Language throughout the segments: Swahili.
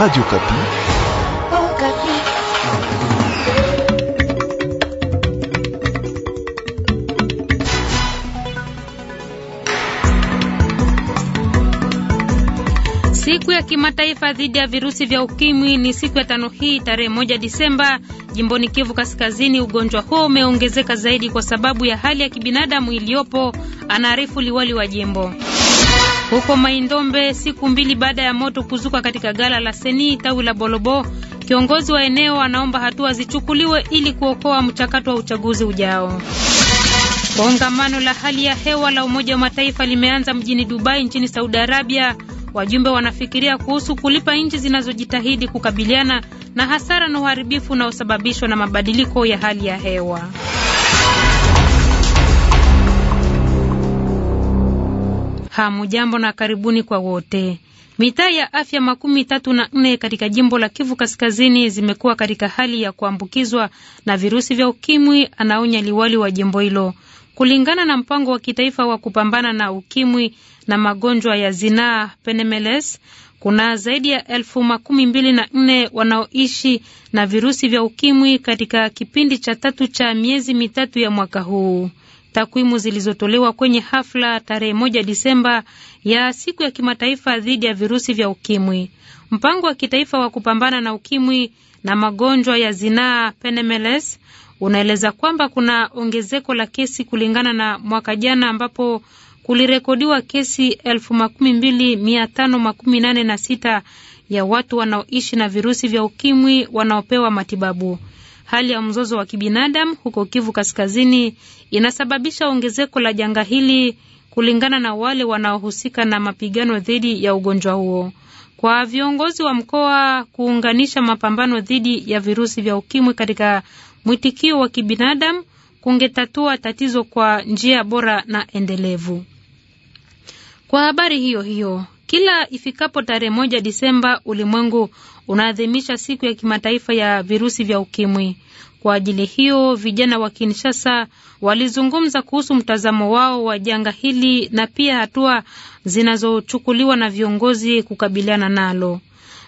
Radio Okapi. Siku ya kimataifa dhidi ya virusi vya ukimwi ni siku ya tano hii tarehe moja Disemba. Jimboni Kivu Kaskazini, ugonjwa huo umeongezeka zaidi kwa sababu ya hali ya kibinadamu iliyopo, anaarifu liwali wa jimbo. Huko Maindombe, siku mbili baada ya moto kuzuka katika gala la Seni tawi la Bolobo, kiongozi wa eneo anaomba hatua zichukuliwe ili kuokoa mchakato wa uchaguzi ujao. Kongamano la hali ya hewa la Umoja wa Mataifa limeanza mjini Dubai nchini Saudi Arabia. Wajumbe wanafikiria kuhusu kulipa nchi zinazojitahidi kukabiliana na hasara na uharibifu unaosababishwa na mabadiliko ya hali ya hewa. Hamujambo na karibuni kwa wote. Mitaa ya afya makumi tatu na nne katika jimbo la Kivu Kaskazini zimekuwa katika hali ya kuambukizwa na virusi vya ukimwi, anaonya liwali wa jimbo hilo. Kulingana na mpango wa kitaifa wa kupambana na ukimwi na magonjwa ya zinaa Penemeles, kuna zaidi ya elfu makumi mbili na nne wanaoishi na virusi vya ukimwi katika kipindi cha tatu cha miezi mitatu ya mwaka huu. Takwimu zilizotolewa kwenye hafla tarehe moja Disemba ya siku ya kimataifa dhidi ya virusi vya ukimwi, mpango wa kitaifa wa kupambana na ukimwi na magonjwa ya zinaa PNMLS unaeleza kwamba kuna ongezeko la kesi kulingana na mwaka jana ambapo kulirekodiwa kesi elfu makumi mbili mia tano makumi nane na sita ya watu wanaoishi na virusi vya ukimwi wanaopewa matibabu hali ya mzozo wa kibinadamu huko Kivu Kaskazini inasababisha ongezeko la janga hili kulingana na wale wanaohusika na mapigano dhidi ya ugonjwa huo. Kwa viongozi wa mkoa kuunganisha mapambano dhidi ya virusi vya ukimwi katika mwitikio wa kibinadamu kungetatua tatizo kwa njia bora na endelevu. Kwa habari hiyo hiyo, kila ifikapo tarehe moja Disemba, ulimwengu unaadhimisha siku ya kimataifa ya virusi vya ukimwi. Kwa ajili hiyo, vijana wa Kinshasa walizungumza kuhusu mtazamo wao wa janga hili na pia hatua zinazochukuliwa na viongozi kukabiliana nalo.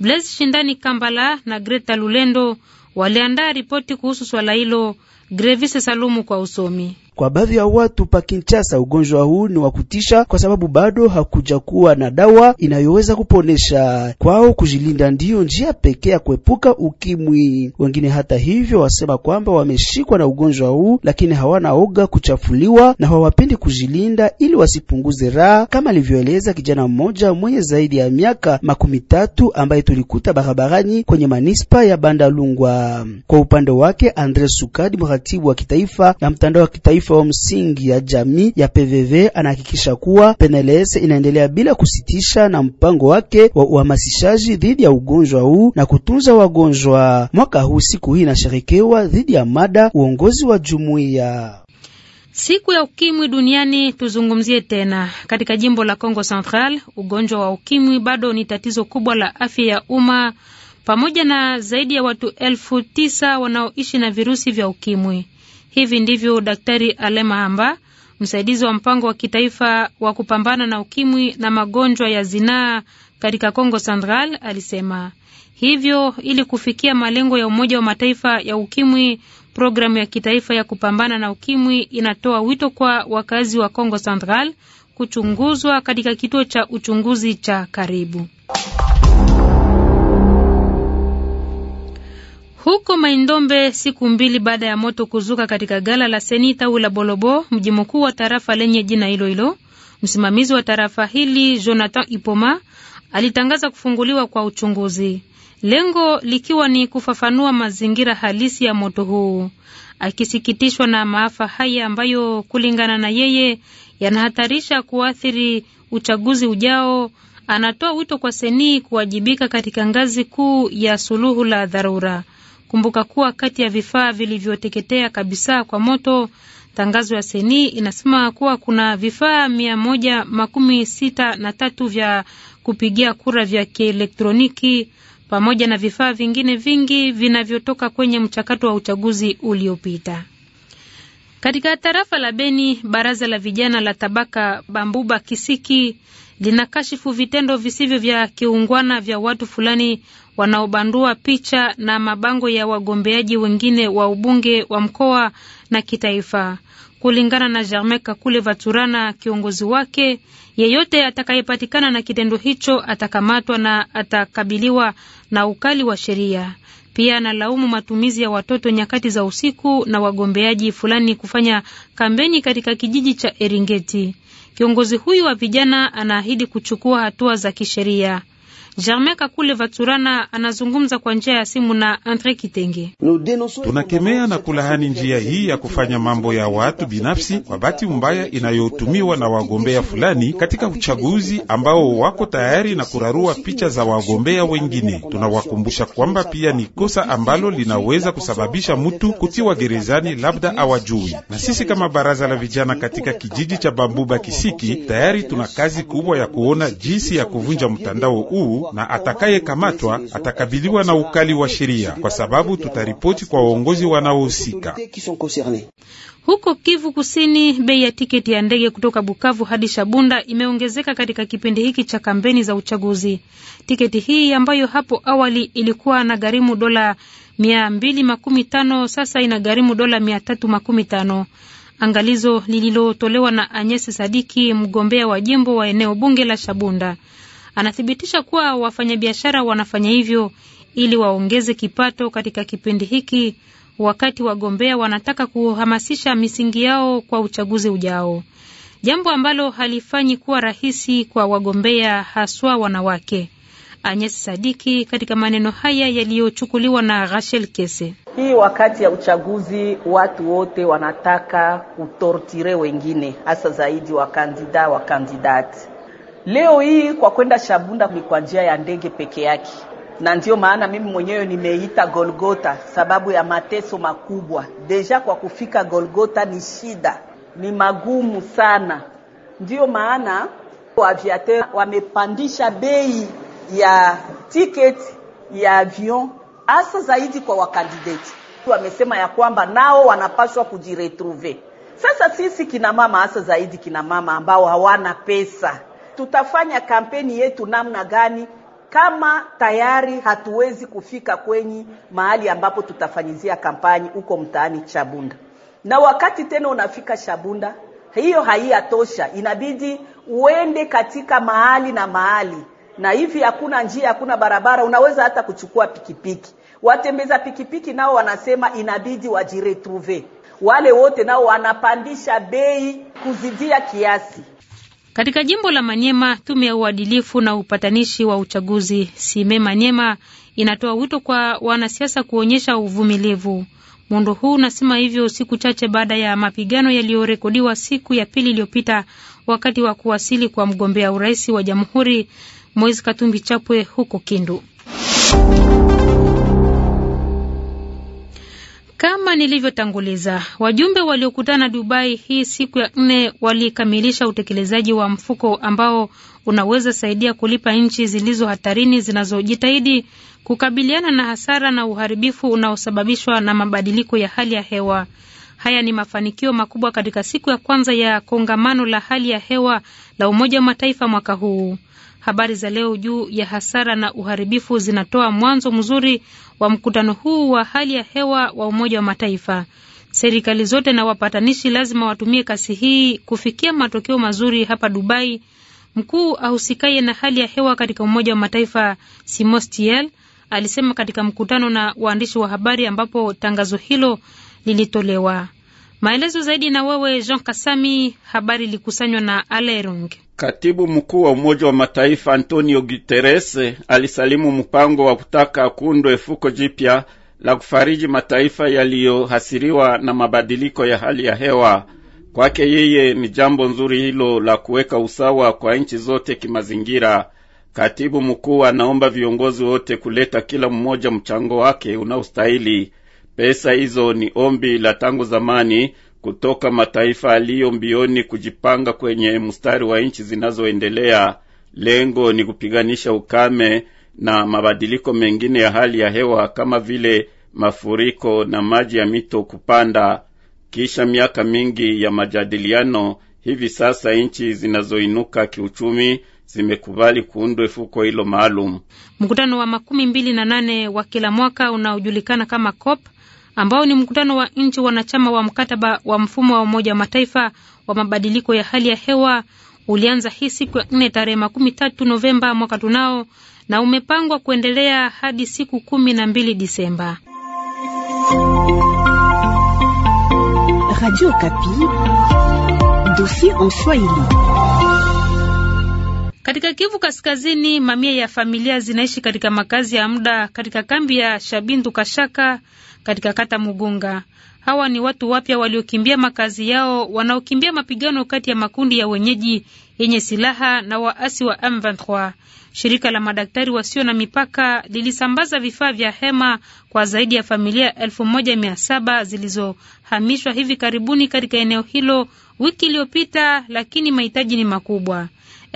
Blaise Shindani Kambala na Greta Lulendo waliandaa ripoti kuhusu swala hilo. Grevise Salumu kwa usomi. Kwa baadhi ya watu pa Kinshasa, ugonjwa huu ni wa kutisha, kwa sababu bado hakuja kuwa na dawa inayoweza kuponesha. Kwao kujilinda ndiyo njia pekee ya kuepuka ukimwi. Wengine hata hivyo wasema kwamba wameshikwa na ugonjwa huu, lakini hawana oga kuchafuliwa na hawapendi kujilinda ili wasipunguze raha, kama alivyoeleza kijana mmoja mwenye zaidi ya miaka makumi tatu ambaye tulikuta barabarani kwenye manispa ya Bandalungwa. Kwa upande wake Andre Sukadi, mratibu wa kitaifa na mtandao wa kitaifa taifa wa msingi ya jamii ya PVV anahakikisha kuwa PNLS inaendelea bila kusitisha na mpango wake wa uhamasishaji dhidi ya ugonjwa huu na kutunza wagonjwa. Mwaka huu siku hii inasherekewa dhidi ya mada uongozi wa jumuiya Siku ya ukimwi duniani tuzungumzie tena. Katika jimbo la Kongo Central, ugonjwa wa ukimwi bado ni tatizo kubwa la afya ya umma, pamoja na zaidi ya watu elfu tisa wanaoishi na virusi vya ukimwi. Hivi ndivyo Daktari Alema Amba, msaidizi wa mpango wa kitaifa wa kupambana na ukimwi na magonjwa ya zinaa katika congo Central alisema. Hivyo ili kufikia malengo ya Umoja wa Mataifa ya ukimwi, programu ya kitaifa ya kupambana na ukimwi inatoa wito kwa wakazi wa congo Central kuchunguzwa katika kituo cha uchunguzi cha karibu. Huko Maindombe, siku mbili baada ya moto kuzuka katika gala la Seni tawi la Bolobo, mji mkuu wa tarafa lenye jina hilo hilo, msimamizi wa tarafa hili Jonathan Ipoma alitangaza kufunguliwa kwa uchunguzi, lengo likiwa ni kufafanua mazingira halisi ya moto huu. Akisikitishwa na maafa haya ambayo kulingana na yeye yanahatarisha kuathiri uchaguzi ujao, anatoa wito kwa Seni kuwajibika katika ngazi kuu ya suluhu la dharura. Kumbuka kuwa kati ya vifaa vilivyoteketea kabisa kwa moto, tangazo ya Seni inasema kuwa kuna vifaa mia moja makumi sita na tatu vya kupigia kura vya kielektroniki pamoja na vifaa vingine vingi vinavyotoka kwenye mchakato wa uchaguzi uliopita. Katika tarafa la Beni, baraza la vijana la tabaka Bambuba Kisiki linakashifu vitendo visivyo vya kiungwana vya watu fulani wanaobandua picha na mabango ya wagombeaji wengine wa ubunge wa mkoa na kitaifa. Kulingana na Germain Kakule Vaturana, kiongozi wake, yeyote atakayepatikana na kitendo hicho atakamatwa na atakabiliwa na ukali wa sheria. Pia analaumu matumizi ya watoto nyakati za usiku na wagombeaji fulani kufanya kampeni katika kijiji cha Eringeti. Kiongozi huyu wa vijana anaahidi kuchukua hatua za kisheria. Germain Kakule Vaturana anazungumza kwa njia ya simu na Andre Kitenge. Tunakemea na kulahani njia hii ya kufanya mambo ya watu binafsi kwa bahati mbaya inayotumiwa na wagombea fulani katika uchaguzi ambao wako tayari na kurarua picha za wagombea wengine. Tunawakumbusha kwamba pia ni kosa ambalo linaweza kusababisha mtu kutiwa gerezani, labda awajui. Na sisi kama baraza la vijana katika kijiji cha Bambuba Kisiki, tayari tuna kazi kubwa ya kuona jinsi ya kuvunja mtandao huu na atakayekamatwa atakabiliwa na ukali wa sheria, kwa sababu tutaripoti kwa waongozi wanaohusika. Huko Kivu Kusini, bei ya tiketi ya ndege kutoka Bukavu hadi Shabunda imeongezeka katika kipindi hiki cha kampeni za uchaguzi. Tiketi hii ambayo hapo awali ilikuwa na gharimu dola mia mbili makumi tano sasa ina gharimu dola mia tatu makumi tano. Angalizo lililotolewa na Anyese Sadiki, mgombea wa jimbo wa eneo bunge la Shabunda. Anathibitisha kuwa wafanyabiashara wanafanya hivyo ili waongeze kipato katika kipindi hiki, wakati wagombea wanataka kuhamasisha misingi yao kwa uchaguzi ujao, jambo ambalo halifanyi kuwa rahisi kwa wagombea, haswa wanawake. Anyes Sadiki katika maneno haya yaliyochukuliwa na Rachel Kese. Hii wakati ya uchaguzi watu wote wanataka kutortire wengine, hasa zaidi wakandida wakandidati Leo hii kwa kwenda Shabunda ni kwa njia ya ndege peke yake, na ndio maana mimi mwenyewe nimeita Golgota sababu ya mateso makubwa. Deja kwa kufika Golgota ni shida, ni magumu sana. Ndiyo maana waaviateur wamepandisha bei ya tiketi ya avion hasa zaidi kwa wakandideti. Wamesema ya kwamba nao wanapaswa kujiretrouve Sasa sisi kinamama, hasa zaidi kinamama ambao hawana pesa tutafanya kampeni yetu namna gani kama tayari hatuwezi kufika kwenye mahali ambapo tutafanyizia kampani huko mtaani Chabunda. Na wakati tena unafika Chabunda, hiyo haiyatosha, inabidi uende katika mahali na mahali, na hivi hakuna njia, hakuna barabara, unaweza hata kuchukua pikipiki. Watembeza pikipiki nao wanasema inabidi wajiretruve wale wote nao wanapandisha bei kuzidia kiasi katika jimbo la Manyema, tume ya uadilifu na upatanishi wa uchaguzi Sime Manyema inatoa wito kwa wanasiasa kuonyesha uvumilivu. Muundo huu unasema hivyo siku chache baada ya mapigano yaliyorekodiwa siku ya pili iliyopita wakati wa kuwasili kwa mgombea urais wa jamhuri Moise Katumbi Chapwe huko Kindu. Kama nilivyotanguliza, wajumbe waliokutana Dubai hii siku ya nne walikamilisha utekelezaji wa mfuko ambao unaweza saidia kulipa nchi zilizo hatarini zinazojitahidi kukabiliana na hasara na uharibifu unaosababishwa na mabadiliko ya hali ya hewa. Haya ni mafanikio makubwa katika siku ya kwanza ya kongamano la hali ya hewa la Umoja wa Mataifa mwaka huu. Habari za leo juu ya hasara na uharibifu zinatoa mwanzo mzuri wa mkutano huu wa hali ya hewa wa Umoja wa Mataifa. Serikali zote na wapatanishi lazima watumie kasi hii kufikia matokeo mazuri hapa Dubai. Mkuu ahusikaye na hali ya hewa katika Umoja wa Mataifa Simostiel alisema katika mkutano na waandishi wa habari ambapo tangazo hilo lilitolewa. Maelezo zaidi na wewe Jean Kasami. Habari ilikusanywa na Alerung. Katibu mkuu wa Umoja wa Mataifa Antonio Guterres alisalimu mpango wa kutaka kuundwe fuko jipya la kufariji mataifa yaliyohasiriwa na mabadiliko ya hali ya hewa. Kwake yeye ni jambo nzuri hilo la kuweka usawa kwa nchi zote kimazingira. Katibu mkuu anaomba viongozi wote kuleta kila mmoja mchango wake unaostahili. Pesa hizo ni ombi la tangu zamani kutoka mataifa aliyo mbioni kujipanga kwenye mstari wa nchi zinazoendelea. Lengo ni kupiganisha ukame na mabadiliko mengine ya hali ya hewa kama vile mafuriko na maji ya mito kupanda. Kisha miaka mingi ya majadiliano, hivi sasa nchi zinazoinuka kiuchumi zimekubali kuundwe fuko hilo maalum. Mkutano wa makumi mbili na nane wa kila mwaka unaojulikana kama COP ambao ni mkutano wa nchi wanachama wa mkataba wa mfumo wa Umoja wa Mataifa wa mabadiliko ya hali ya hewa ulianza hii siku ya nne tarehe makumi tatu Novemba mwaka tunao na umepangwa kuendelea hadi siku kumi na mbili Disemba. Radio Kapi, en Swahili. Katika Kivu Kaskazini, mamia ya familia zinaishi katika makazi ya muda katika kambi ya Shabindu Kashaka katika kata Mugunga. Hawa ni watu wapya waliokimbia makazi yao, wanaokimbia mapigano kati ya makundi ya wenyeji yenye silaha na waasi wa M23. Shirika la madaktari wasio na mipaka lilisambaza vifaa vya hema kwa zaidi ya familia 17 zilizohamishwa hivi karibuni katika eneo hilo wiki iliyopita, lakini mahitaji ni makubwa.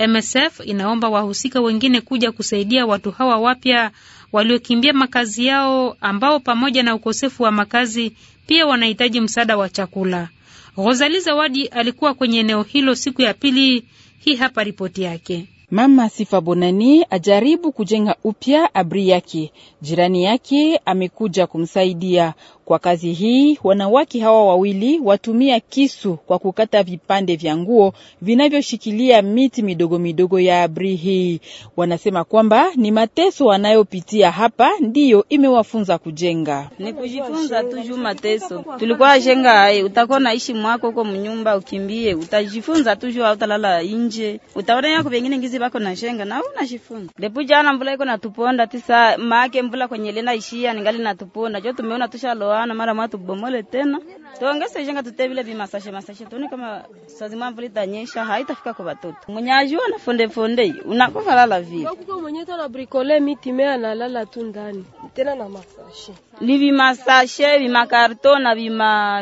MSF inaomba wahusika wengine kuja kusaidia watu hawa wapya waliokimbia makazi yao ambao pamoja na ukosefu wa makazi pia wanahitaji msaada wa chakula. rosali Zawadi alikuwa kwenye eneo hilo siku ya pili. Hii hapa ripoti yake. Mama Sifa Bonani ajaribu kujenga upya abri yake. Jirani yake amekuja kumsaidia. Kwa kazi hii wanawake hawa wawili watumia kisu kwa kukata vipande vya nguo vinavyoshikilia miti midogo midogo ya abri hii. Wanasema kwamba ni mateso wanayopitia hapa ndiyo imewafunza kujenga. Ni kujifunza tu juu mateso tulikuwa jenga hai, eh, utakuwa naishi mwako huko mnyumba, ukimbie, utajifunza tu juu, autalala nje, utaona yako vengine ngizi vako na jenga na unajifunza. Depu jana mvula iko natuponda tisa maake mvula kwenye lena ishia ningali natuponda jo, tumeona tushaloa hawana mara mwa tubomole tena tuongeze jenga tute vile bimasashe masashe tuone kama sazi mvula itanyesha haitafika kwa watoto. Mwenye ajua na fonde fonde unakufa lala vile. Kwa mwenye tana bricole miti mea na lala tu ndani. Tena na masashe. Ni bi bi makarto na bi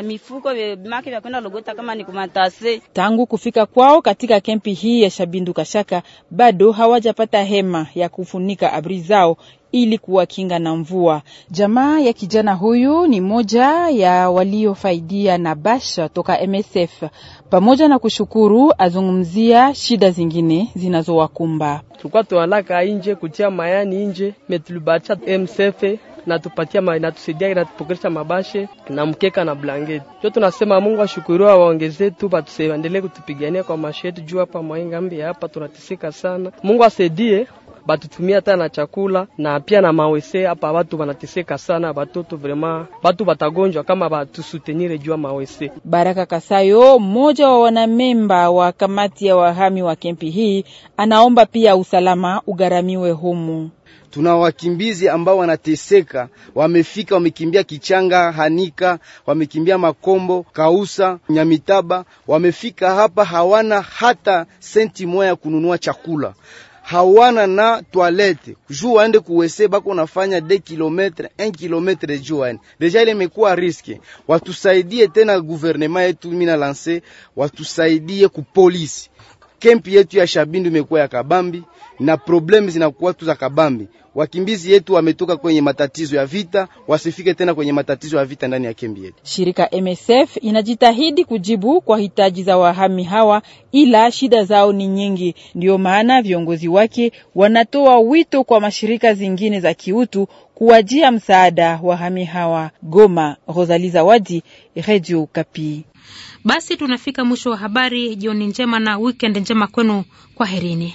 mifuko bi maki vya kwenda logota kama ni kumatase. Tangu kufika kwao katika kempi hii ya Shabindu Kashaka bado hawajapata hema ya kufunika abri zao ili kuwakinga na mvua. Jamaa ya kijana huyu ni moja ya waliofaidia na basha toka MSF. Pamoja na kushukuru, azungumzia shida zingine zinazowakumba. Tulikuwa tunalaka nje kutia mayani nje metulibacha MSF natupatia ma, natusaidia inatupokelesha mabashe na mkeka na blanketi. Jo, tunasema Mungu ashukuriwa, waongezee tu endelee kutupigania kwa mashetu juu hapa mwaingambi hapa tunateseka sana. Mungu asaidie batutumia hata na chakula na pia na mawese. Hapa watu wanateseka sana, batoto vrema, batu batagonjwa kama batusutenire jua mawese. Baraka Kasayo, mmoja wa wanamemba wa kamati ya wahami wa kempi hii, anaomba pia usalama ugharamiwe humu tuna wakimbizi ambao wanateseka, wamefika, wamekimbia Kichanga, Hanika, wamekimbia Makombo, Kausa, Nyamitaba, wamefika hapa, hawana hata senti moja ya kununua chakula hawana na toilette juu waende kuwese bako nafanya de kilometre 1 kilometre juu waende deja, ile imekuwa riske. Watusaidie tena guvernema yetu, mina lanse watusaidie kupolisi kempi yetu ya Shabindu imekuwa ya kabambi na problem zinakuwa tu za kabambi. Wakimbizi yetu wametoka kwenye matatizo ya vita, wasifike tena kwenye matatizo ya vita ndani ya kembi yetu. Shirika MSF inajitahidi kujibu kwa hitaji za wahami hawa, ila shida zao ni nyingi. Ndiyo maana viongozi wake wanatoa wito kwa mashirika zingine za kiutu kuwajia msaada wahami hawa. Goma, Rosalie Zawadi, Redio Kapi. Basi tunafika mwisho wa habari. Jioni njema na wikend njema kwenu, kwa herini